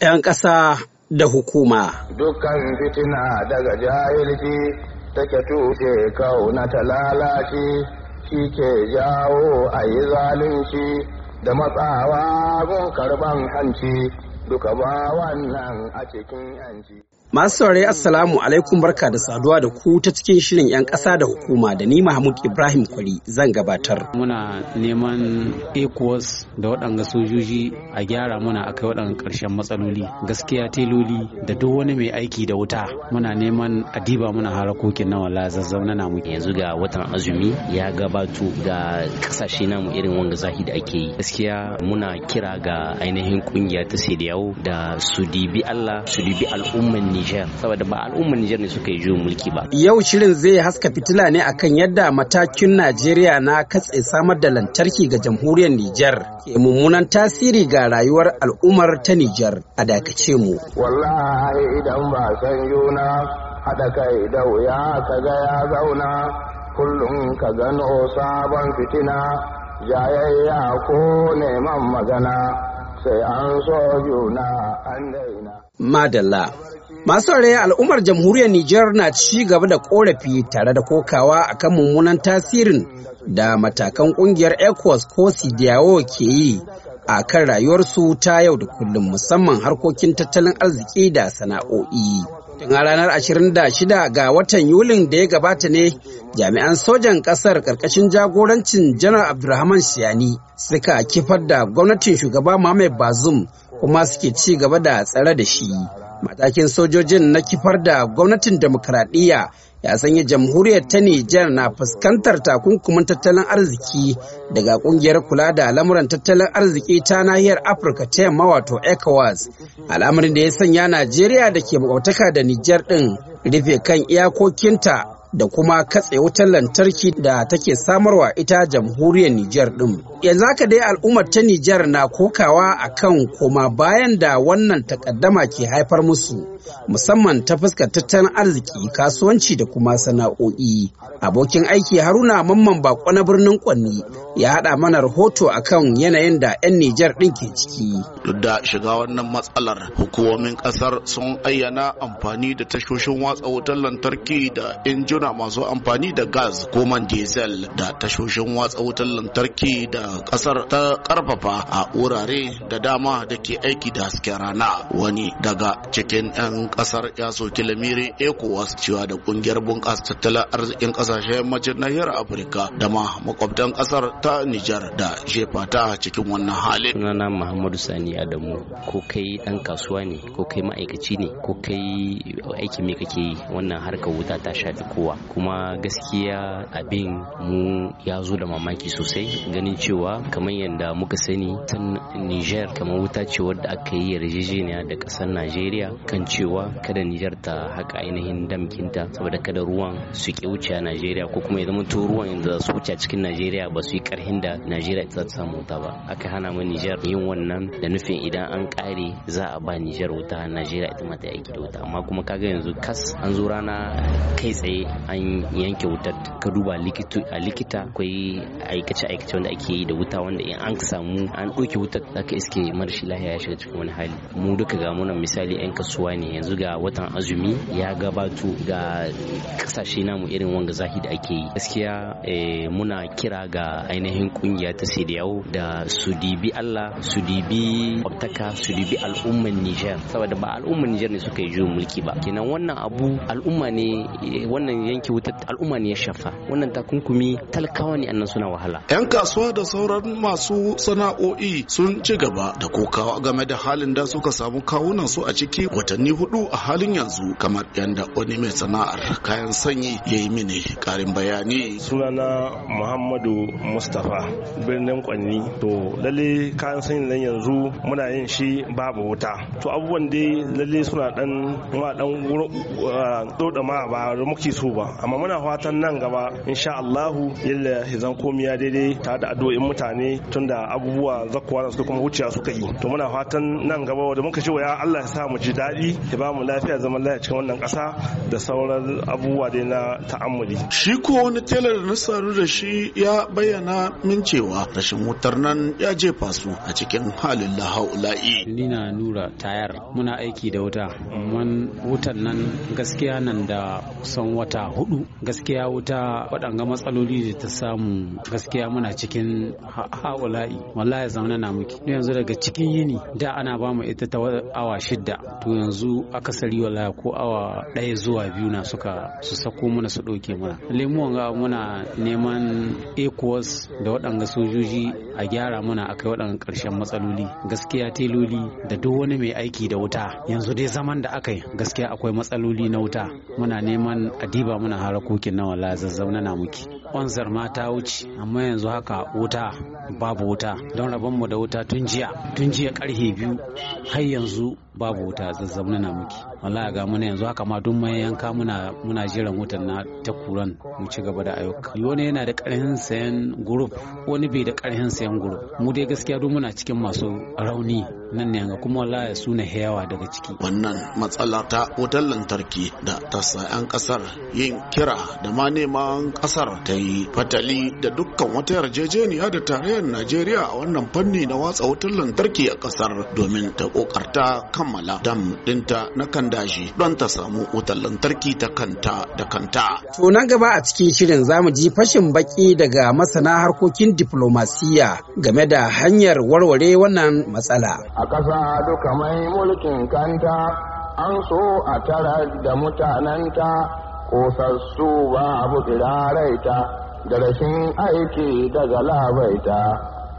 'yan ƙasa da hukuma. Dukkan fitina daga jahilci take tushe kauna ta lalace shi ke jawo a yi zalunci da matsawa gun karban hanci duka ba wannan a cikin yanci. Masu saurari Assalamu alaikum barka da saduwa da ku ta cikin shirin 'yan ƙasa da hukuma da ni Mahmud Ibrahim Kwari zan gabatar. Muna neman ECOWAS da waɗanga sojoji a gyara muna akai waɗanga ƙarshen matsaloli gaskiya teloli da duk wani mai aiki da wuta muna neman adiba muna harakokin na wala zazzauna na mu. Yanzu ga watan azumi ya gabato ga ƙasashe mu irin wanga zahi da ake yi. Gaskiya muna kira ga ainihin ƙungiya ta Sediyawo da su dibi Allah su dibi al'umman Nijar saboda ba al'ummar Nijar ne suka yi juyin mulki ba. Yau shirin zai haska fitila ne akan yadda matakin Najeriya na katse samar da lantarki ga jamhuriyar Nijar ke mummunan tasiri ga rayuwar al'ummar ta Nijar a dakace mu. Wallahi idan ba san juna haɗa kai da wuya ka ga ya zauna kullum ka gano sabon fitina jayayya ko neman magana sai an so juna an daina. Madalla. Masu rai al'ummar jamhuriyar Nijar na ci gaba da korafi tare da kokawa akan mummunan tasirin da matakan kungiyar ECOWAS ko CDAO ke yi a kan rayuwarsu ta yau da kullum musamman harkokin tattalin arziki da sana'o'i. Tun a ranar 26 ga watan Yulin da ya gabata ne jami'an sojan ƙasar ƙarƙashin jagorancin janar Abdulrahman Siyani suka kifar da gwamnatin shugaba Mohamed Bazoum kuma suke ci gaba da tsare da shi matakin sojojin na kifar da gwamnatin demokradiyya ya sanya jamhuriyar ta Nijar na fuskantar takunkumin tattalin arziki daga kungiyar kula da lamuran tattalin arziki ta nahiyar Afirka ta yamma wato ECOWAS. Al'amarin da ya sanya Najeriya da ke makwataka da Nijar ɗin rufe kan iyakokinta da kuma katse wutar lantarki da take samarwa ita jamhuriyar Nijar ɗin. Yanzu haka dai al'ummar ta Nijar na kokawa a kan koma bayan da wannan takaddama ke haifar musu, musamman ta fuskar tattalin arziki, kasuwanci da kuma sana'o'i. Abokin aiki Haruna Mamman Bako na birnin Kwanni ya haɗa mana rahoto akan yanayin da 'yan Nijar ɗin ke ciki. Duk da shiga wannan matsalar, hukumomin ƙasar sun ayyana amfani da tashoshin watsa wutar lantarki da injin kuna masu amfani da gas ko man diesel da tashoshin watsa wutar lantarki da kasar ta karfafa a wurare da dama da ke aiki da hasken rana wani daga cikin 'yan kasar ya soki lamiri ecowas cewa da kungiyar bunƙasa tattalin arzikin kasashen yammacin nahiyar afirka da ma makwabtan kasar ta nijar da jefa ta cikin wannan halin sunana muhammadu sani adamu ko kai dan kasuwa ne ko kai ma'aikaci ne ko kai aiki me kake yi wannan harkar wuta ta shafi kowa kowa kuma gaskiya abin mu ya zo da mamaki sosai ganin cewa kamar yadda muka sani tun niger kamar wuta ce wadda aka yi yarjejeniya da kasar najeriya kan cewa kada niger ta haka ainihin damkinta saboda kada ruwan su ki wuce a najeriya ko kuma ya zama to ruwan yanzu su wuce cikin najeriya ba su yi karhin da najeriya ta samu wuta ba aka hana mu niger yin wannan da nufin idan an kare za a ba niger wuta najeriya ita ma ta aiki da wuta amma kuma kaga yanzu kas an zo rana kai tsaye an yanke wutar ka duba a likita akwai aikace-aikace wanda ake yi da wuta wanda in an samu an ɗauke wutar zaka iske marashi lahiya ya shiga cikin wani hali mu duka ga muna misali 'yan kasuwa ne yanzu ga watan azumi ya gabato ga kasashe namu irin wanga zahi da ake yi gaskiya eh, muna kira ga ainihin kungiya ta sidiyawo da su dibi Allah su dibi kwabtaka su dibi al'umman Nijar saboda ba al'umman Nijar ne suka yi juyin mulki ba kenan wannan abu al'umma ne wannan yanke wutar al'umma ne ya shafa wannan takunkumi talakawa ne annan suna wahala yan kasuwa da sauran masu sana'o'i sun ci gaba da kokawa game da halin da suka samu kawunan su a ciki watanni hudu a halin yanzu kamar yanda wani mai sana'ar kayan sanyi ya yi mini karin bayani sunana muhammadu mustapha birnin kwanni to lalle kayan sanyi nan yanzu muna yin shi babu wuta to abubuwan dai lalle suna dan ma dan ma ba muke so ba amma muna fatan nan gaba insha Allahu yalla hizan komiya daidai ta da addu'o'in mutane tunda abubuwa zakkuwa da suka kuma wuciya suka yi to muna fatan nan gaba da muka ce ya Allah ya sa mu ji daɗi ya ba mu lafiya zaman lafiya cikin wannan ƙasa da sauran abubuwa dai na ta'ammuli shi ko wani telar da na saru da shi ya bayyana min cewa rashin wutar nan ya jefa su a cikin halin lahaula'i lina nura tayar muna aiki da wuta mun wutan nan gaskiya nan da kusan wata hudu gaskiya wuta waɗanga matsaloli da ta samu gaskiya muna cikin ha'ula'i wallahi zamana na muke yanzu daga cikin yini da ana ba mu ita ta awa shidda to yanzu akasari wallahi ko awa ɗaya zuwa biyu na suka su sako muna su ɗauke muna lemuwan ga muna neman equals da waɗanga sojoji a gyara muna akai waɗannan ƙarshen matsaloli gaskiya teloli da duk wani mai aiki da wuta yanzu dai zaman da aka yi gaskiya akwai matsaloli na wuta muna neman adiba muna harakokin na wala zazzauna na muke onzar ma ta wuce amma yanzu haka wuta babu wuta don mu da wuta tun jiya tun jiya karhe biyu har yanzu babu wuta zazzabu na muke wallahi ga muna yanzu haka ma duk mai yanka muna muna jiran wutan na ta kuran mu ci gaba da ayyuka wani yana da karhin sayan group wani bai da karhin sayan group mu dai gaskiya duk muna cikin masu rauni nan ne kuma wallahi su ne hewa daga ciki wannan matsala ta wutar lantarki da ta sayan kasar yin kira da ma neman kasar ta yi fatali da dukkan wata yarjejeniya da tarayyar najeriya a wannan fanni na watsa wutar lantarki a kasar domin ta kokarta kammala dam dinta na kan dashi don ta samu wutar lantarki ta kanta da kanta to nan gaba a cikin shirin zamu ji fashin baki daga masana harkokin diplomasiya game da hanyar warware wannan matsala a ƙasa duka mai mulkin kanta an so a tara da mutananta kosassu ba abu da rashin aiki daga labaita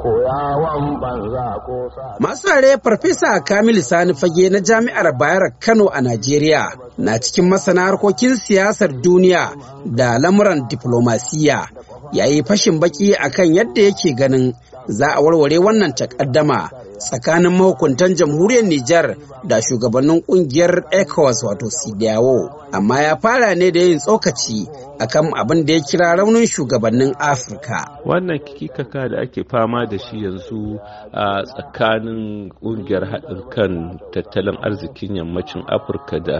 koyawan banza ko sa. Masu rare Farfesa Kamilu Sani Fage na Jami'ar Bayar Kano a Najeriya na cikin masana harkokin siyasar duniya da lamuran diplomasiya yayi fashin baki akan yadda yake ganin za a warware wannan takaddama tsakanin mahukuntan jamhuriyar Nijar da shugabannin kungiyar ECOWAS wato CDAO. Amma ya fara ne da yin tsokaci akan abin da ya kira raunin shugabannin afirka wannan kikaka da ake fama da shi yanzu a tsakanin ƙungiyar haɗin kan tattalin arzikin yammacin afirka da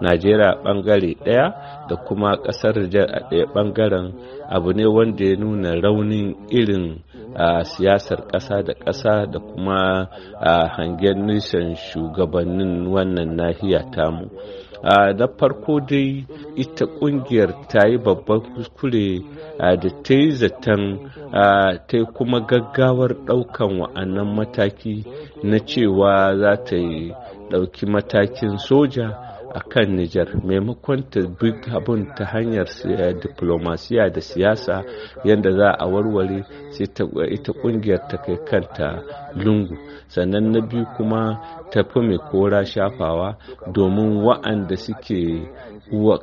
najeriya bangare ɗaya da kuma ƙasar a ɗaya ɓangaren abu ne wanda ya nuna raunin irin a siyasar ƙasa da ƙasa da kuma a hangen nisan shugabannin wannan nahiya tamu na farko dai ita kungiyar ta yi babban kuskure da ta yi zaton ta yi kuma gaggawar daukan wa'annan mataki na cewa za ta yi dauki matakin soja a kan Nijar maimakon ta bi abin ta hanyar eh, diplomasiya da siyasa yadda za a warware sai ita kungiyar ta kai kanta lungu sannan na biyu kuma tafi mai kora shafawa domin wa'anda suke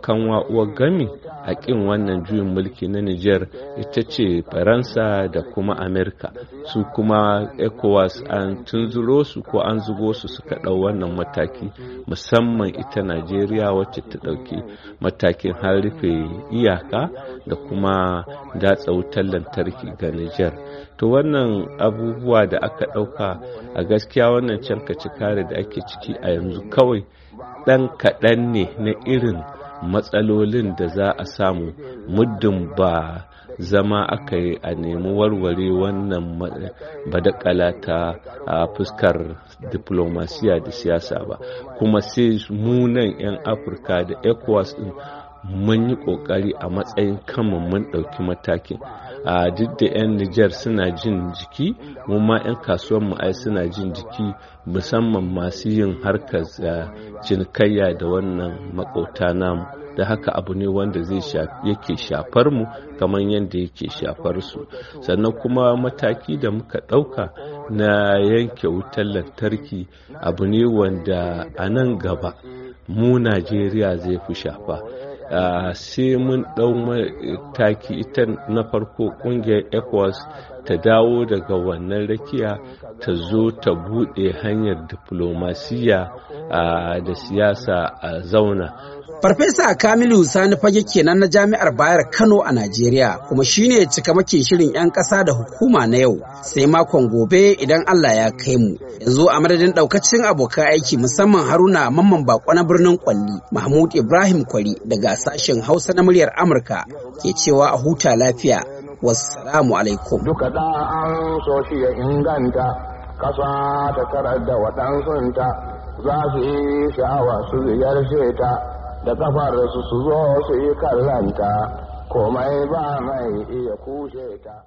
kanwa uwa gami a kin wannan juyin mulki na Nijar ita ce Faransa da kuma Amerika su kuma ECOWAS an tunzuro su ko an zugo su suka ɗau wannan mataki musamman ita na najeriya wacce ta ɗauki matakin har rufe iyaka da kuma datsa wutar lantarki ga nijar to wannan abubuwa da aka ɗauka a gaskiya wannan canka cikare da ake ciki a yanzu kawai ɗan kaɗan ne na irin matsalolin da za a samu muddin ba zama aka yi a nemi warware wannan badakala ta fuskar diplomasiya da siyasa ba kuma sai munan 'yan afirka da ecowas din mun yi kokari a matsayin kanmu mun ɗauki matakin a duk da 'yan Nijar suna jin jiki mu ma 'yan kasuwar mu ai suna jin jiki musamman masu yin harkar eh, cinikayya da wannan makauta namu da haka abu ne wanda zai yake shafar mu kamar yadda yake shafar su sannan kuma mataki da muka ɗauka na yanke wutar lantarki abu ne wanda a nan gaba mu najeriya zai fi shafa sai mun ɗau mataki eh, ita na farko ƙungiyar ecowas ta dawo daga wannan rakiya ta zo ta buɗe hanyar diplomasiya da siyasa a zauna Farfesa Kamilu Sani fage kenan na Jami'ar Bayar Kano a Najeriya kuma shi ne cika makin shirin 'yan ƙasa da hukuma na yau sai makon gobe idan Allah ya kai mu. Yanzu a madadin ɗaukacin abokan aiki musamman Haruna Mamman Bako na birnin Kwalli, Mahmud Ibrahim Kwari daga sashen Hausa na muryar Amurka ke cewa a huta lafiya. wassalamu alaikum duka da an so shi ya inganta kasa ta karar da waɗansunta za su yi sha'awa su ziyarce ta da kafar su su zo su yi kallanta komai ba mai iya kushe ta